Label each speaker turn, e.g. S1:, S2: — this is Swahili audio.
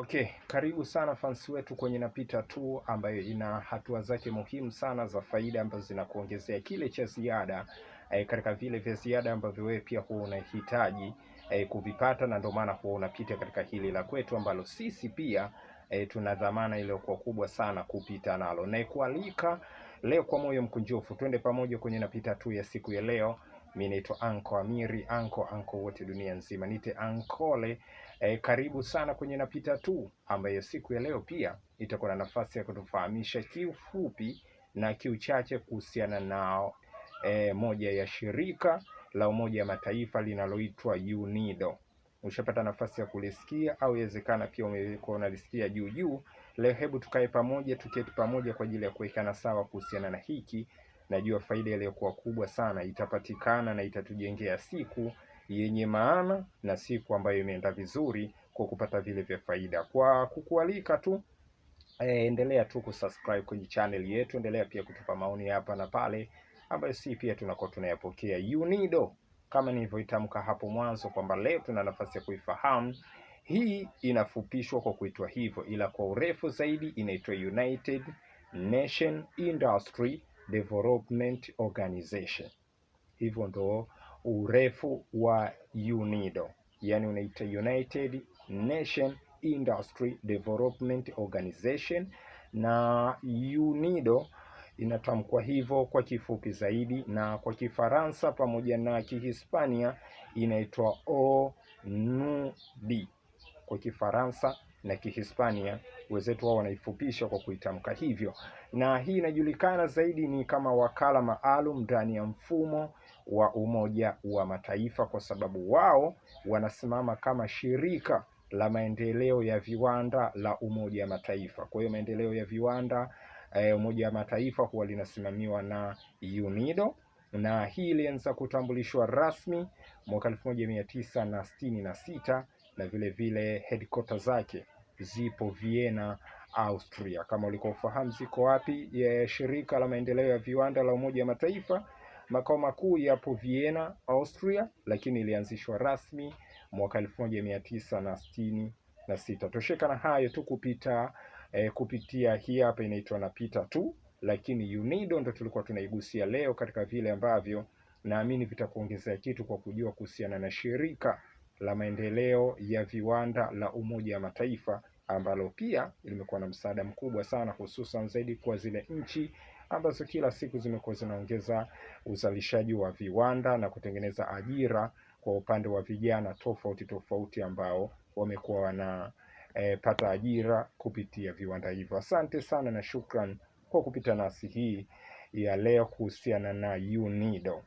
S1: Okay, karibu sana fansi wetu kwenye Napita Tu ambayo ina hatua zake muhimu sana za faida ambazo zinakuongezea kile cha ziada e, katika vile vya ziada ambavyo wewe pia huwa unahitaji e, kuvipata na ndio maana huwa unapita katika hili la kwetu ambalo sisi pia e, tuna dhamana iliyokuwa kubwa sana kupita nalo. Naikualika leo kwa moyo mkunjufu, twende pamoja kwenye Napita Tu ya siku ya leo Mi naitwa Anko Amiri, Anko Anko wote dunia nzima, nite Ankole. Eh, karibu sana kwenye Napita Tu, ambayo siku ya leo pia itakuwa na nafasi ya kutufahamisha kiufupi na kiuchache kuhusiana nao eh, moja ya shirika la Umoja wa Mataifa linaloitwa UNIDO. Ushapata nafasi ya kulisikia au iwezekana pia umekuwa unalisikia juu juu. Leo hebu tukae pamoja, tuketi pamoja kwa ajili ya kuwekana sawa kuhusiana na hiki najua faida iliyokuwa kubwa sana itapatikana na itatujengea siku yenye maana na siku ambayo imeenda vizuri kwa kupata vile vya faida. Kwa kukualika tu e, endelea tu kusubscribe kwenye channel yetu, endelea pia kutupa maoni hapa na pale ambayo si pia tunakuwa tunayapokea. UNIDO kama nilivyoitamka hapo mwanzo kwamba leo tuna nafasi ya kuifahamu hii inafupishwa kwa kuitwa hivyo, ila kwa urefu zaidi inaitwa United Nation Industry Development Organization. Hivyo ndo urefu wa UNIDO, yani unaita United Nation Industry Development Organization, na UNIDO inatamkwa hivyo kwa kifupi zaidi, na kwa Kifaransa pamoja na Kihispania inaitwa ONUD. Kwa Kifaransa na Kihispania, wenzetu wao wanaifupisha kwa kuitamka hivyo, na hii inajulikana zaidi ni kama wakala maalum ndani ya mfumo wa Umoja wa Mataifa, kwa sababu wao wanasimama kama shirika la maendeleo ya viwanda la Umoja wa Mataifa. Kwa hiyo maendeleo ya viwanda eh, Umoja wa Mataifa huwa linasimamiwa na UNIDO na hii ilianza kutambulishwa rasmi mwaka tisa na na vile vile headquarter zake zipo Vienna, Austria. Kama ulikofahamu ziko wapi? Ya shirika la maendeleo ya viwanda la Umoja wa Mataifa makao makuu yapo Vienna, Austria, lakini ilianzishwa rasmi mwaka sita. Tosheka na hayo tu kupita eh, kupitia hii hapa inaitwa napita tu lakini UNIDO ndo tulikuwa tunaigusia leo katika vile ambavyo naamini vitakuongezea kitu kwa kujua kuhusiana na shirika la maendeleo ya viwanda la Umoja wa Mataifa ambalo pia limekuwa na msaada mkubwa sana, hususan zaidi kwa zile nchi ambazo kila siku zimekuwa zinaongeza uzalishaji wa viwanda na kutengeneza ajira kwa upande wa vijana tofauti tofauti ambao wamekuwa wanapata eh, e, ajira kupitia viwanda hivyo. Asante sana na shukran kwa kupita nasi hii ya leo kuhusiana na UNIDO.